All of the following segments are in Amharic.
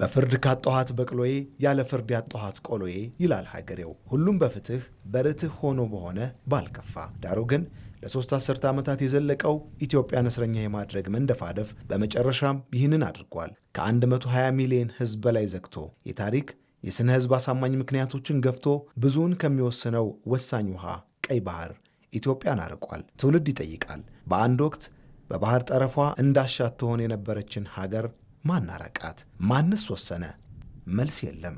በፍርድ ካጠኋት በቅሎዬ ያለ ፍርድ ያጠኋት ቆሎዬ ይላል ሀገሬው። ሁሉም በፍትህ በርትህ ሆኖ በሆነ ባልከፋ ዳሩ ግን ለሶስት አስርተ ዓመታት የዘለቀው ኢትዮጵያን እስረኛ የማድረግ መንደፋደፍ በመጨረሻም ይህንን አድርጓል። ከ120 ሚሊዮን ህዝብ በላይ ዘግቶ የታሪክ የሥነ ሕዝብ አሳማኝ ምክንያቶችን ገፍቶ ብዙውን ከሚወስነው ወሳኝ ውሃ ቀይ ባህር ኢትዮጵያን አርቋል። ትውልድ ይጠይቃል። በአንድ ወቅት በባህር ጠረፏ እንዳሻት ትሆን የነበረችን ሀገር ማን ማንስ ወሰነ? መልስ የለም።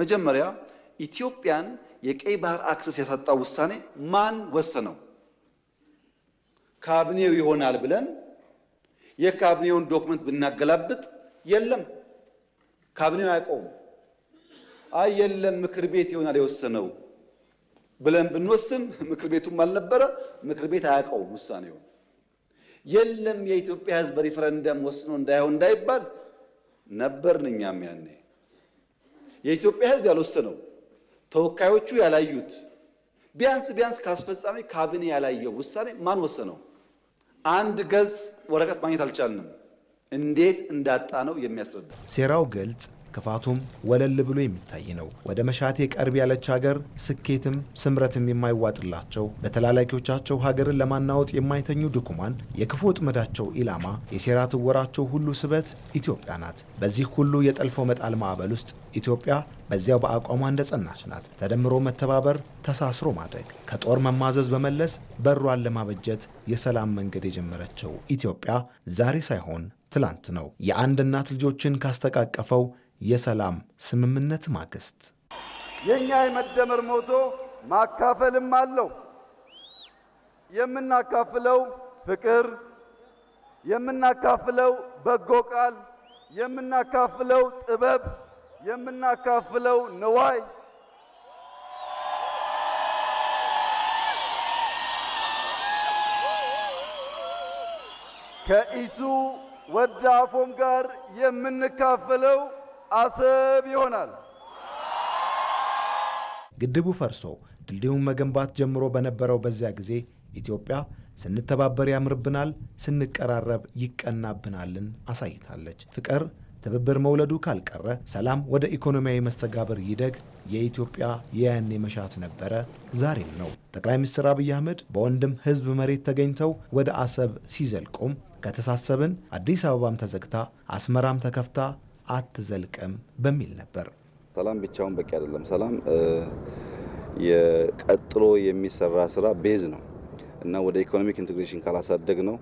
መጀመሪያ ኢትዮጵያን የቀይ ባህር አክሰስ ያሳጣው ውሳኔ ማን ወሰነው? ካቢኔው ይሆናል ብለን የካቢኔውን ዶክመንት ብናገላብጥ የለም፣ ካቢኔው አያውቀውም። አይ የለም ምክር ቤት ይሆናል የወሰነው ብለን ብንወስን ምክር ቤቱም አልነበረ፣ ምክር ቤት አያውቀውም ውሳኔውን። የለም የኢትዮጵያ ሕዝብ በሪፈረንደም ወስኖ እንዳይሆን እንዳይባል ነበርን። እኛም ያኔ የኢትዮጵያ ሕዝብ ያልወሰነው ተወካዮቹ ያላዩት ቢያንስ ቢያንስ ከአስፈጻሚ ካቢኔ ያላየው ውሳኔ ማን ወሰነው? አንድ ገጽ ወረቀት ማግኘት አልቻልንም። እንዴት እንዳጣ ነው የሚያስረዳ። ሴራው ገልጽ ክፋቱም ወለል ብሎ የሚታይ ነው። ወደ መሻቴ ቀርብ ያለች ሀገር ስኬትም ስምረትም የማይዋጥላቸው በተላላኪዎቻቸው ሀገርን ለማናወጥ የማይተኙ ድኩማን የክፉ ጥመዳቸው ኢላማ የሴራ ትወራቸው ሁሉ ስበት ኢትዮጵያ ናት። በዚህ ሁሉ የጠልፎ መጣል ማዕበል ውስጥ ኢትዮጵያ በዚያው በአቋሟ እንደጸናች ናት። ተደምሮ መተባበር፣ ተሳስሮ ማድረግ፣ ከጦር መማዘዝ በመለስ በሯን ለማበጀት የሰላም መንገድ የጀመረችው ኢትዮጵያ ዛሬ ሳይሆን ትላንት ነው። የአንድ እናት ልጆችን ካስተቃቀፈው የሰላም ስምምነት ማግስት የእኛ የመደመር ሞቶ ማካፈልም አለው። የምናካፍለው ፍቅር፣ የምናካፍለው በጎ ቃል፣ የምናካፍለው ጥበብ፣ የምናካፍለው ንዋይ ከኢሱ ወደ አፎም ጋር የምንካፈለው አሰብ ይሆናል። ግድቡ ፈርሶ ድልድዩን መገንባት ጀምሮ በነበረው በዚያ ጊዜ ኢትዮጵያ ስንተባበር ያምርብናል፣ ስንቀራረብ ይቀናብናልን አሳይታለች። ፍቅር ትብብር መውለዱ ካልቀረ ሰላም ወደ ኢኮኖሚያዊ መስተጋብር ይደግ የኢትዮጵያ የያኔ መሻት ነበረ፣ ዛሬም ነው። ጠቅላይ ሚኒስትር አብይ አህመድ በወንድም ህዝብ መሬት ተገኝተው ወደ አሰብ ሲዘልቁም ከተሳሰብን አዲስ አበባም ተዘግታ አስመራም ተከፍታ አትዘልቅም በሚል ነበር። ሰላም ብቻውን በቂ አይደለም። ሰላም የቀጥሎ የሚሰራ ስራ ቤዝ ነው እና ወደ ኢኮኖሚክ ኢንቴግሬሽን ካላሳደግ ነው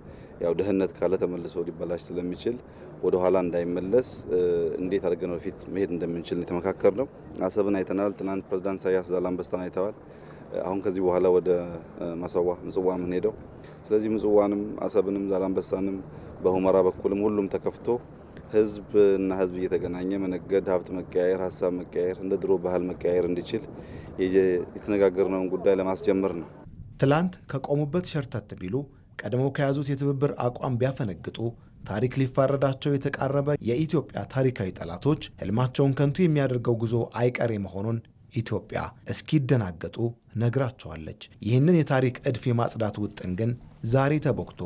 ያው ድህነት ካለ ተመልሶ ሊበላሽ ስለሚችል ወደ ኋላ እንዳይመለስ እንዴት አድርገን ወደፊት መሄድ እንደምንችል የተመካከር ነው። አሰብን አይተናል። ትናንት ፕሬዚዳንት ኢሳያስ ዛላንበሳን አይተዋል። አሁን ከዚህ በኋላ ወደ ማሰዋ ምጽዋ ምን ሄደው ስለዚህ ምጽዋንም አሰብንም ዛላንበሳንም በሁመራ በኩልም ሁሉም ተከፍቶ ህዝብ እና ህዝብ እየተገናኘ መነገድ፣ ሀብት መቀያየር፣ ሀሳብ መቀያየር፣ እንደ ድሮ ባህል መቀያየር እንዲችል የተነጋገርነውን ጉዳይ ለማስጀመር ነው። ትላንት ከቆሙበት ሸርተት ቢሉ ቀድሞ ከያዙት የትብብር አቋም ቢያፈነግጡ ታሪክ ሊፋረዳቸው የተቃረበ የኢትዮጵያ ታሪካዊ ጠላቶች ህልማቸውን ከንቱ የሚያደርገው ጉዞ አይቀሬ መሆኑን ኢትዮጵያ እስኪደናገጡ ነግራቸዋለች። ይህንን የታሪክ እድፍ የማጽዳት ውጥን ግን ዛሬ ተቦክቶ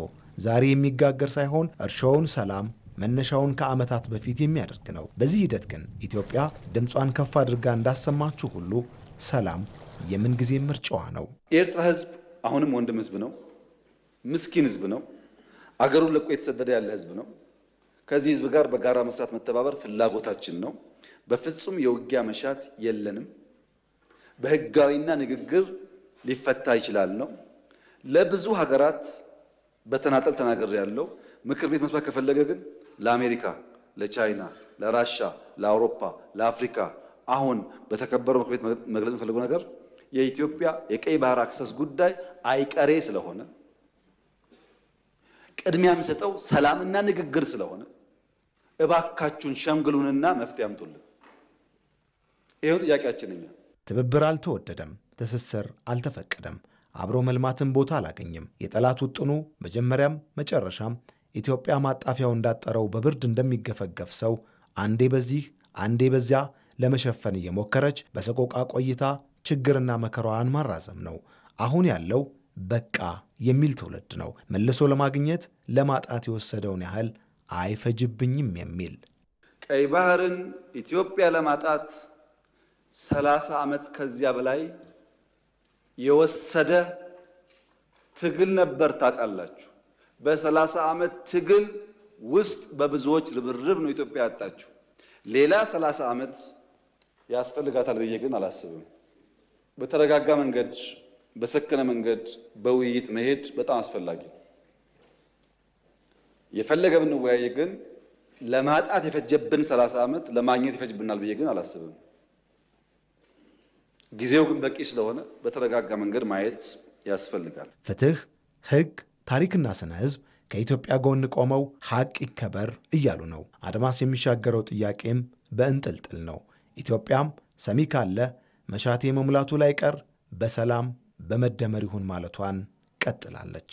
ዛሬ የሚጋገር ሳይሆን እርሾውን ሰላም መነሻውን ከዓመታት በፊት የሚያደርግ ነው። በዚህ ሂደት ግን ኢትዮጵያ ድምጿን ከፍ አድርጋ እንዳሰማችሁ ሁሉ ሰላም የምንጊዜ ምርጫዋ ነው። የኤርትራ ህዝብ አሁንም ወንድም ህዝብ ነው። ምስኪን ህዝብ ነው። አገሩን ለቆ የተሰደደ ያለ ህዝብ ነው። ከዚህ ህዝብ ጋር በጋራ መስራት፣ መተባበር ፍላጎታችን ነው። በፍጹም የውጊያ መሻት የለንም። በህጋዊና ንግግር ሊፈታ ይችላል ነው ለብዙ ሀገራት በተናጠል ተናገር ያለው ምክር ቤት መስማት ከፈለገ ግን ለአሜሪካ፣ ለቻይና፣ ለራሻ፣ ለአውሮፓ፣ ለአፍሪካ አሁን በተከበረው ምክር ቤት መግለጽ የምፈልገው ነገር የኢትዮጵያ የቀይ ባህር አክሰስ ጉዳይ አይቀሬ ስለሆነ ቅድሚያ የሚሰጠው ሰላምና ንግግር ስለሆነ እባካችሁን ሸምግሉንና መፍትሄ ያምጡልን ይህው ጥያቄያችን። እኛ ትብብር አልተወደደም፣ ትስስር አልተፈቀደም፣ አብሮ መልማትን ቦታ አላገኘም። የጠላት ውጥኑ መጀመሪያም መጨረሻም ኢትዮጵያ ማጣፊያው እንዳጠረው በብርድ እንደሚገፈገፍ ሰው አንዴ በዚህ አንዴ በዚያ ለመሸፈን እየሞከረች በሰቆቃ ቆይታ ችግርና መከራዋን ማራዘም ነው። አሁን ያለው በቃ የሚል ትውልድ ነው። መልሶ ለማግኘት ለማጣት የወሰደውን ያህል አይፈጅብኝም የሚል ቀይ ባህርን ኢትዮጵያ ለማጣት ሰላሳ ዓመት ከዚያ በላይ የወሰደ ትግል ነበር። ታውቃላችሁ በሰላሳ ዓመት ትግል ውስጥ በብዙዎች ርብርብ ነው ኢትዮጵያ ያጣችው። ሌላ ሰላሳ ዓመት ያስፈልጋታል ብዬ ግን አላስብም። በተረጋጋ መንገድ፣ በሰከነ መንገድ በውይይት መሄድ በጣም አስፈላጊ ነው። የፈለገ ብንወያይ ግን ለማጣት የፈጀብን ሰላሳ ዓመት ለማግኘት ይፈጅብናል ብዬ ግን አላስብም። ጊዜው ግን በቂ ስለሆነ በተረጋጋ መንገድ ማየት ያስፈልጋል። ፍትህ፣ ህግ ታሪክና ስነ ህዝብ ከኢትዮጵያ ጎን ቆመው ሐቅ ይከበር እያሉ ነው። አድማስ የሚሻገረው ጥያቄም በእንጥልጥል ነው። ኢትዮጵያም ሰሚ ካለ መሻቴ መሙላቱ ላይ ቀር በሰላም በመደመር ይሁን ማለቷን ቀጥላለች።